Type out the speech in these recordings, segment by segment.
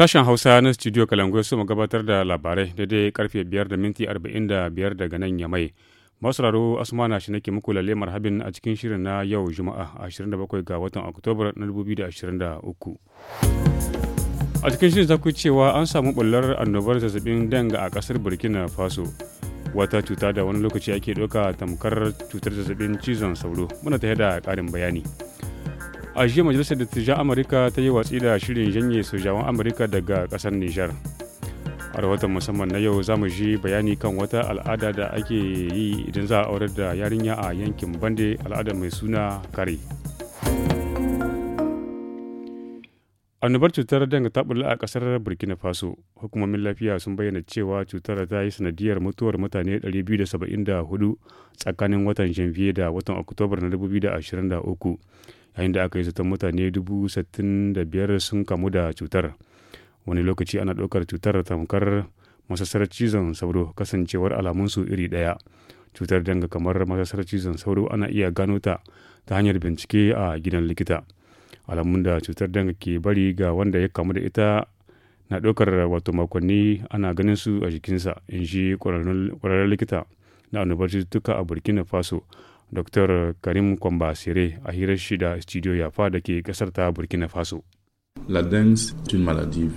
Sashen Hausa na Studio Kalangoyo su gabatar da labarai daidai karfe 5 da minti 45 daga nan ya mai. Masararo Asmana shi nake muku lalle marhabin a cikin shirin na yau Juma'a 27 ga watan oktobar na 2023. A cikin shirin zaku cewa an samu bullar annobar zazzabin danga a kasar Burkina Faso. Wata cuta da wani lokaci ake ɗauka tamkar cutar zazzabin cizon sauro. Muna ta da ƙarin bayani. a jiya majalisar dattijan amurka ta yi watsi da shirin janye sojawan amurka daga kasar nijar a rahoton musamman na yau za mu ji bayani kan wata al'ada da ake yi idan za a aurar da yarinya a yankin bande al'ada mai suna kare annobar cutar danga ta a kasar burkina faso hukumomin lafiya sun bayyana cewa cutar ta yi sanadiyar mutuwar mutane 274 tsakanin watan janvier da watan oktobar na 2023 yayin da aka yi zaton mutane dubu sittin da biyar sun kamu da cutar wani lokaci ana ɗaukar cutar tamkar masasar cizon sauro kasancewar alamunsu iri ɗaya cutar danga kamar masasar cizon sauro ana iya gano ta ta hanyar bincike a gidan likita alamun da cutar danga ke bari ga wanda ya kamu da ita na ɗaukar wato makonni ana ganin su a jikinsa in shi ƙwararren likita na annobar cututtuka a burkina faso Dr. Karim Sire a hirar shi da Studio Yafa da ke kasar ta Burkina Faso. La dengue est une maladie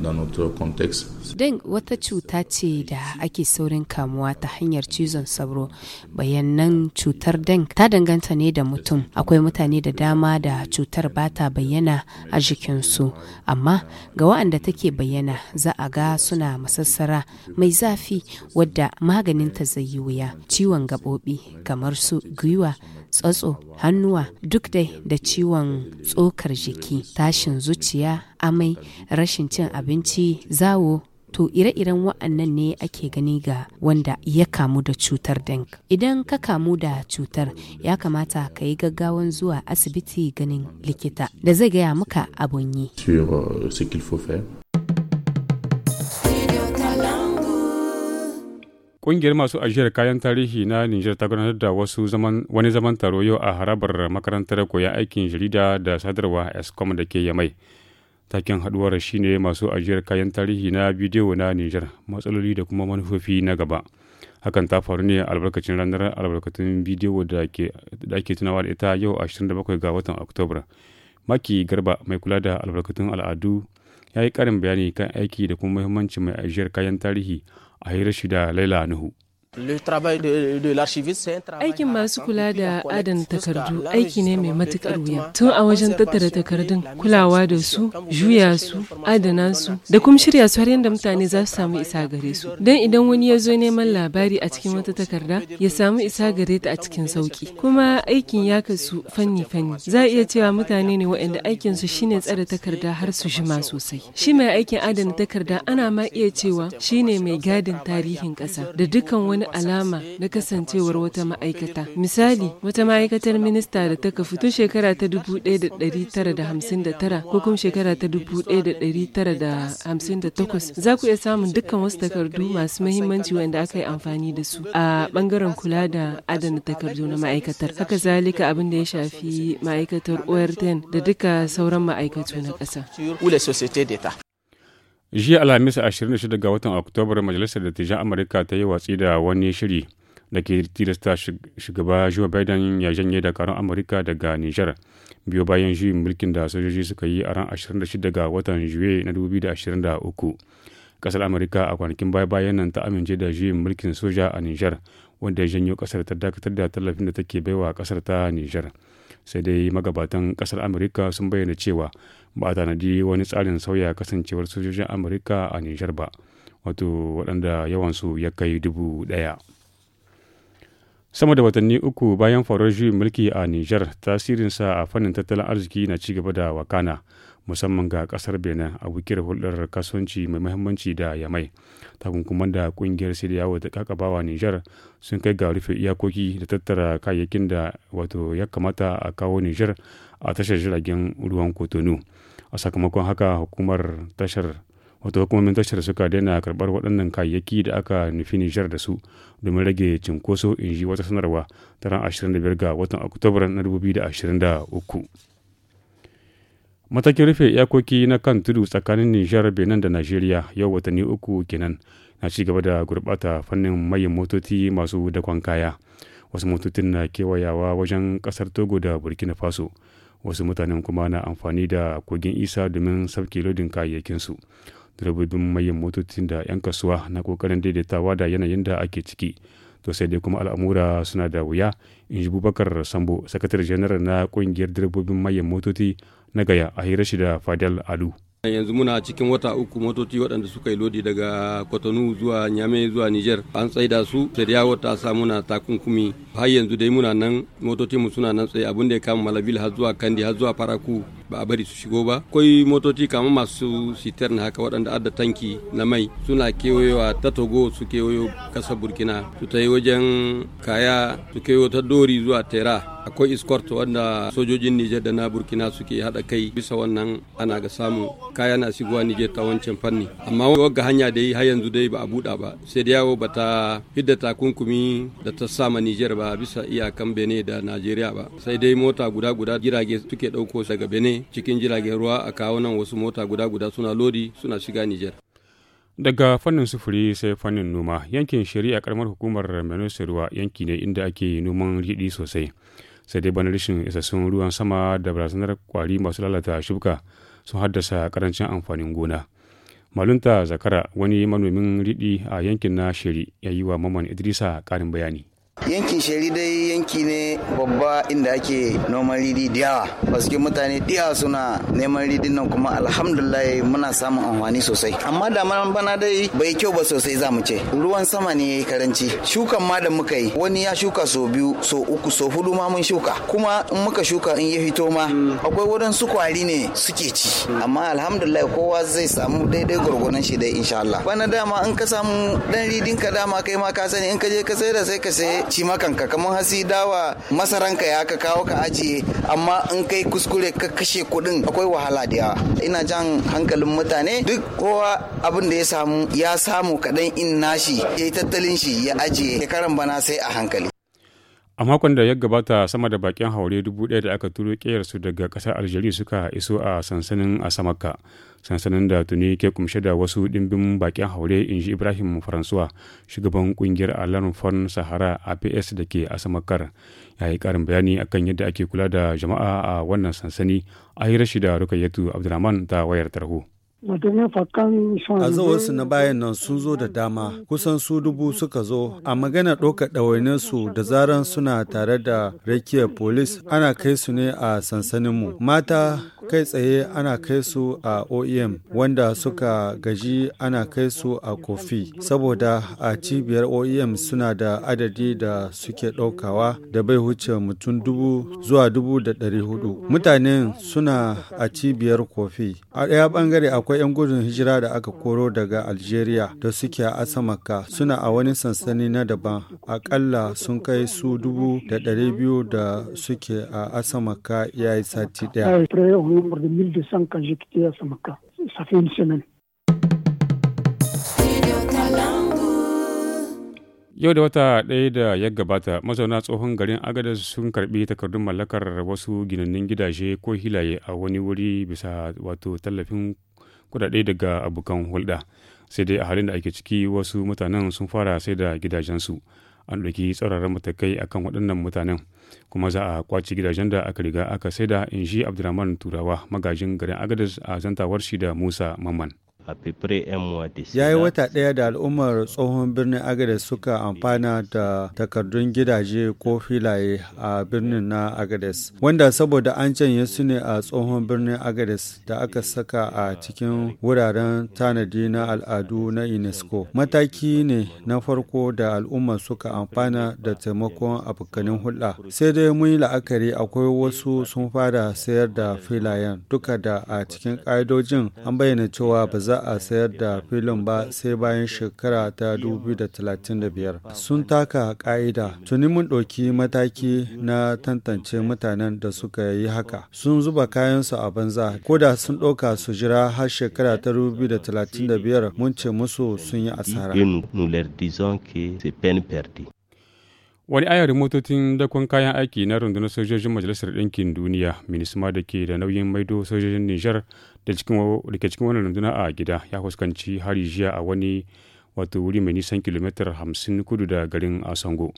da notre context. Deng wata cuta ce da ake saurin kamuwa ta hanyar cizon sauro. Bayanan cutar Deng ta danganta ne da mutum. Akwai mutane da dama da cutar ba ta bayyana a jikinsu. Amma ga wa'anda take bayyana za a ga suna masassara mai zafi wadda maganin ta zai yi wuya. Ciwon gaɓoɓi kamar su gwiwa tsatso hannuwa duk dai da ciwon tsokar jiki tashin zuciya amai rashin cin abinci zawo to ire-iren wa'annan ne ake gani ga wanda ya kamu da cutar denk idan ka kamu da cutar ya kamata ka yi gaggawan zuwa asibiti ganin likita da zai gaya muka abun yi euh, Ƙungiyar masu ajiyar kayan tarihi na Nijar ta gudanar da wasu zaman wani zaman taro yau a harabar makarantar koyon aikin jarida da sadarwa ESCOM da ke Yamai. Taken shi ne masu ajiyar kayan tarihi na bidiyo na Nijar, matsaloli da kuma manufofi na gaba. Hakan ta faru ne albarkacin ranar albarkatun bidiyo da ake tunawa da ita yau 27 ga watan oktobar Maki Garba mai kula da albarkatun al'adu ya yi karin bayani kan aiki da kuma muhimmancin mai ajiyar kayan tarihi a hirar shi da Laila Nuhu. Aikin masu kula da adana takardu aiki ne mai matukar wuya. Tun a wajen tattara takardun kulawa da su, juya su, adana su, da kuma shirya su har yadda mutane za su samu isa gare su. Don idan wani ya zo neman labari a cikin wata takarda, ya samu isa gare ta a cikin sauki. Kuma aikin ya kasu fanni-fanni. Za a iya cewa mutane ne waɗanda aikin su shine tsare takarda har su jima sosai. Shi mai aikin adana takarda ana ma iya cewa shine mai gadin tarihin ƙasa da dukkan wani wani alama na kasancewar wata ma'aikata. Misali, wata ma'aikatar minista da ta kafu tun shekara ta 1959 ko kuma shekara ta 1958 za ku iya samun dukkan wasu takardu masu mahimmanci wanda aka yi amfani da su a bangaren kula da adana takardu na ma'aikatar. Haka zalika abin da ya shafi ma'aikatar ORTN da duka sauran ma'aikatu na ƙasa. jiya alhamis 26 ga watan oktobar majalisar dattijan amurka ta yi watsi da wani shiri da ke tilasta shugaba joe biden ya janye karon amurka daga nijar biyu bayan juyin mulkin da sojoji suka yi a ran 26 ga watan juye na 2023 kasar amurka a kwanakin baya bayan nan ta amince da juyin mulkin soja a nijar wanda ya janyo kasar ta dakatar da tallafin da take baiwa kasar ta nijar. sai dai magabatan kasar amurka sun bayyana cewa ba a tanadi wani tsarin sauya kasancewar sojojin amurka a nijar ba wato waɗanda yawansu ya kai dubu ɗaya sama da watanni uku bayan faruwar juyin mulki a nijar tasirinsa a fannin tattalin arziki na ci gaba da wakana musamman ga kasar benin a wikiyar hulɗar kasuwanci mai mahimmanci da yamai takunkuman da kungiyar sai yawo ta kakabawa nijar sun kai ga rufe iyakoki da tattara kayayyakin da wato ya kamata a kawo nijar a tashar jiragen ruwan kotonu a sakamakon haka hukumar tashar wato hukumomin tashar suka daina karbar waɗannan kayayyaki da aka nufi nijar da su domin rage cinkoso in ji wata sanarwa ta ran 25 ga watan oktoba na 2023 matakin rufe iyakoki na kan tudu tsakanin nijar benin da najeriya yau watanni uku kenan na ci gaba da gurɓata fannin mayin motoci masu dakon kaya wasu motocin na kewayawa wajen kasar togo da burkina faso wasu mutanen kuma na amfani da kogin isa domin sauke lodin kayayyakinsu direbobin mayan motocin da 'yan kasuwa na kokarin daidaitawa da yanayin da ake ciki to sai dai kuma al'amura suna da wuya in ji bubakar sambo sakatare janar na kungiyar direbobin mayan motoci na gaya a hira shi da Fadel Alu. yanzu muna cikin wata uku motoci waɗanda suka yi lodi daga kwatano zuwa nyame zuwa niger an tsaida su shari'a wata ta sa muna takunkumi har yanzu dai muna nan motocinmu suna nan tsaye abin da ya kama malabil har zuwa kandi har zuwa faraku ba a bari su shigo ba akwai motoci kamar masu sitar haka waɗanda adda tanki na mai suna kewayewa ta togo su kewayo kasa burkina su ta yi wajen kaya su kewayo ta dori zuwa tera akwai escort wanda sojojin Nijar da na Burkina suke hada kai bisa wannan ana ga samun kaya na shigowa Nijar ta wancan fanni amma wagga hanya da yi har yanzu dai ba a buɗa ba sai da yawo bata hidda takunkumi da ta sama Nijar ba bisa iyakan Benin da Najeriya ba sai dai mota guda guda jirage suke ɗauko daga Benin cikin jiragen ruwa a kawo nan wasu mota guda guda suna lodi suna shiga Nijar. daga fannin sufuri sai fannin noma yankin shari'a karamar hukumar ruwa yanki ne inda ake noman riɗi sosai sai dai bana rashin isassun ruwan sama da barazanar kwari masu lalata shuka sun haddasa karancin amfanin gona malunta zakara wani manomin riɗi a yankin na shiri ya yi wa maman idrisa ƙarin bayani yankin shari dai yanki ne babba inda ake noman ridi diyawa basu mutane diya suna neman ridin nan kuma alhamdulillah muna samun amfani sosai amma da bana dai bai kyau ba sosai za mu ce ruwan sama ne yayi karanci shukan ma da muka yi wani ya shuka so biyu so uku so hudu ma mun shuka kuma in muka shuka in ya fito ma akwai wurin su kwari ne suke ci amma alhamdulillah kowa zai samu daidai gurgunan shi dai insha Allah bana dama in ka samu dan ridin ka dama kai ma ka sani in ka je ka sai da sai ka sai ci makanka kamar hasi dawa masaranka ya ka kawo ka ajiye amma in kai kuskure ka kashe kuɗin akwai wahala da yawa ina jan hankalin mutane duk kowa abin da ya samu ya samu kaɗan in nashi ya yi tattalin shi ya ajiye shekaran bana sai a hankali a makon da ya gabata sama da bakin haure dubu ɗaya da aka turo su daga ƙasar algeria suka iso a sansanin asamaka sansanin da tuni ke kumshe da wasu ɗimbin bakin haure in ji ibrahim faransuwa shugaban ƙungiyar alarm fon sahara a ps da ke asamakar ya yi ƙarin bayani akan yadda ake kula da jama'a a wannan sansani a yi da rukayyatu abdulrahman ta wayar tarho A zawarsu na bayan nan sun zo da dama, kusan su dubu suka zo, a magana ɗaukar su da zaran suna tare da rakiyar polis ana kai su ne a sansaninmu. Mata kai tsaye ana kai su a OEM, wanda suka gaji ana kai su a kofi, saboda a cibiyar OEM suna da adadi da suke ɗaukawa da bai huce mutum dubu zuwa dubu da ɗari hudu. Mutanen suna a cibiyar kofi. A ɗaya ɓangare akwai akwai 'yan gudun hijira da aka koro daga Algeria da suke a Asamaka suna a wani sansani na daban akalla sun kai su dubu da ɗari biyu da suke a Asamaka ya yi sati ɗaya. yau da wata ɗaya da ya gabata mazauna tsohon garin agada sun karbi takardun mallakar wasu ginannin gidaje ko hilaye a wani wuri bisa wato tallafin kudade daga abokan hulɗa sai dai a halin da ake ciki wasu mutanen sun fara sai da gidajensu an ɗauki tsauraran matakai akan waɗannan mutanen kuma za a kwaci gidajen da aka riga aka sai in shi abdulrahman turawa magajin garin agadis a zantawar shi da musa mamman ya yi wata ɗaya da al'ummar tsohon birnin agada suka amfana da takardun gidaje ko filaye a birnin na agades wanda saboda an janye su ne a tsohon birnin agades da aka saka a cikin wuraren tanadi na al'adu na unesco mataki ne na farko da al'ummar suka amfana da taimakon abokanin hulɗa sai dai mun yi la'akari akwai wasu sun fara sayar da filayen duka da a cikin ƙa'idojin an bayyana cewa ba za a sayar da filin ba sai bayan shekara ta 2035 sun taka ka'ida tuni mun ɗauki mataki na tantance mutanen da suka yi haka sun zuba kayansu a banza ko da sun ɗauka su jira har shekara ta 2035 mun ce musu sun yi asara Wani ayarin motocin dakon kayan aiki na rundunar sojojin Majalisar Ɗinkin Duniya, Minisma da ke da nauyin maido sojojin Nijar da ke cikin wani runduna a gida ya fuskanci hari jiya a wani wato wuri mai nisan kilomitar hamsin kudu da garin Asango.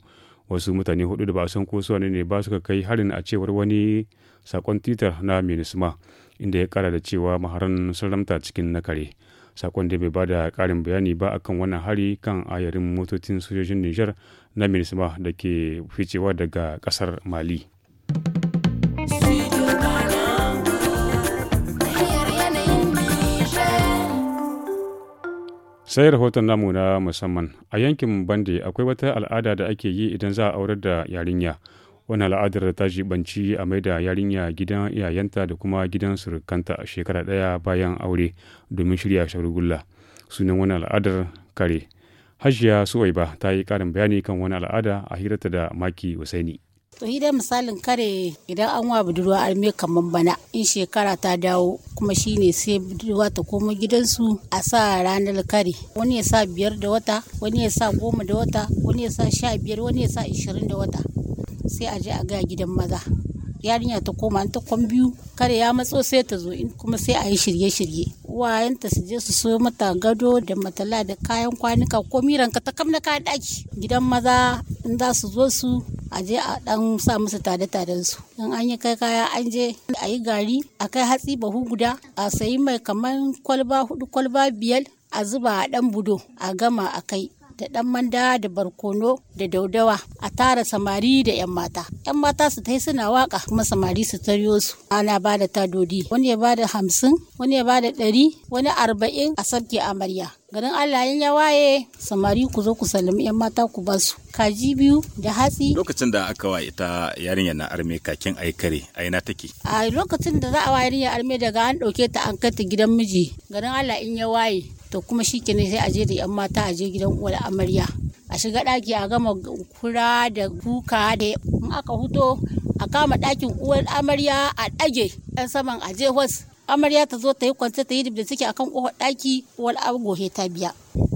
Wasu mutane hudu da ba san ko ne ba suka kai harin a cewar wani sakon titar na Minisma, inda ya kara da cewa maharan sun cikin na kare. sakon da bai ba da karin bayani ba akan wannan hari kan ayarin motocin sojojin Nijar na minisma da ke ficewa daga kasar mali sai rahoton namu na musamman a yankin bande akwai wata al'ada da ake yi idan za a aurar da yarinya wani al'adar ta jibanci a mai da yarinya gidan iyayenta da kuma gidan surukanta a shekara ɗaya bayan aure domin shirya shagulgula sunan wani al'adar kare Hajiya Suwaiba ta yi ƙarin bayani kan wani al'ada a hirarta da Maki usaini to shi dai misalin kare idan an wa budurwa arme kamar bana in shekara ta dawo kuma shine sai budurwa ta koma gidansu a sa ranar kare wani ya sa biyar da wata wani ya sa goma da wata wani ya sa sha biyar wani ya sa ishirin da wata sai a je a ga gidan maza yarinya ta koma an ta kwan biyu kare ya matso sai ta zo in kuma sai a yi shirye-shirye uwayenta su je su so mata gado da matala da kayan kwanuka ko miranka ta kam kayan ɗaki gidan maza in za su zo su a je a dan sa musu tare tare su in an yi kai kaya an je a yi gari a kai hatsi bahu guda a sayi mai kamar kwalba hudu kwalba biyar a zuba a dan budo a gama a kai da ɗan manda da barkono da daudawa a tara samari da 'yan mata. 'yan mata su tai suna waka kuma samari su taryo su. Ana ba da tadodi wani ya ba da hamsin wani ya ba da ɗari wani arba'in a sarki amarya. garin Allah ya waye samari ku zo ku sallami yan mata ku ba su kaji biyu da hatsi lokacin da aka waye ta yarinya na arme kakin ai kare ai na take a lokacin da za a waye yarinya arme daga an dauke ta an kai ta gidan miji garin Allah in ya waye to kuma shi kenan sai a je da 'yan mata a je gidan uwar amarya a shiga ɗaki a gama kura da kuka da in aka huto a kama ɗakin uwar amarya a ɗage ɗan saman a je was amarya ta zo ta yi kwance ta yi da take akan kofar ɗaki wal gohe ta biya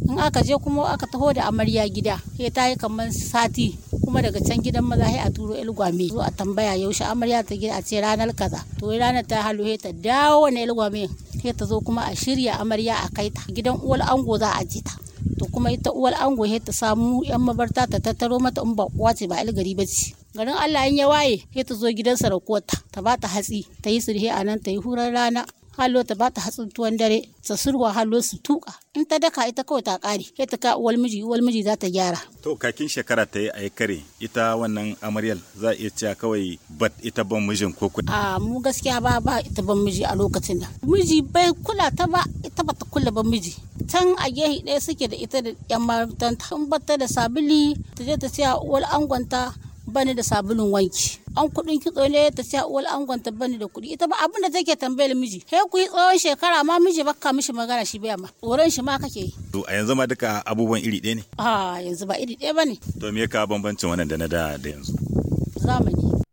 in aka je kuma aka taho da amarya gida sai ta yi kamar sati kuma daga can gidan maza sai a turo ilgwame zo a tambaya yaushe amarya ta gida a ce ranar kaza to ranar ta halu ta dawo wani ilgwame sai ta zo kuma a shirya amarya a kai ta gidan uwal ango za a ji ta to kuma ita uwar ango sai ta samu yan mabarta ta tattaro mata in ba kuwa ce ba ilgari ba ce garin Allah in ya waye sai ta zo gidan sarakuwar ta ta ba ta hatsi ta yi sirhe a nan ta yi hurar rana hallo ta bata hatsin tuwon dare ta surwa hallo su tuka in ta daka ita kawai ta kare sai ta ka uwal miji uwal miji za ta gyara to kakin shekara ta yi ai kare ita wannan amaryal za iya cewa kawai bat ita ban mijin ko kudi a mu gaskiya ba ba ita ban miji a lokacin da miji bai kula ta ba ita bata kula ban miji can a gehe ɗaya suke da ita da yan matan ta da sabili ta je ta siya uwal angonta bani da sabulun wanki an kudin kitso ne ta siya uwar angon ta bani da kuɗi ita ba abin da take tambayar miji he ku yi tsawon shekara ma miji ka mishi magana shi bai ma wurin shi ma kake yi to a yanzu ma duka abubuwan iri ɗaya ne a ah, yanzu ba iri ɗaya bane to me ka bambancin wannan da na da da yanzu zamani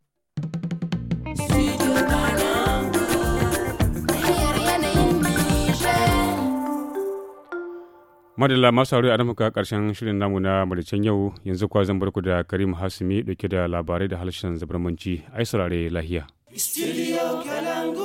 madalla masu haru a damuka karshen shirin namu na maricen yau yanzu kwa zan barku da karim hasumi dauke da labarai da harshen zabarmanci ai saurare lahiya. Studio Kalangu.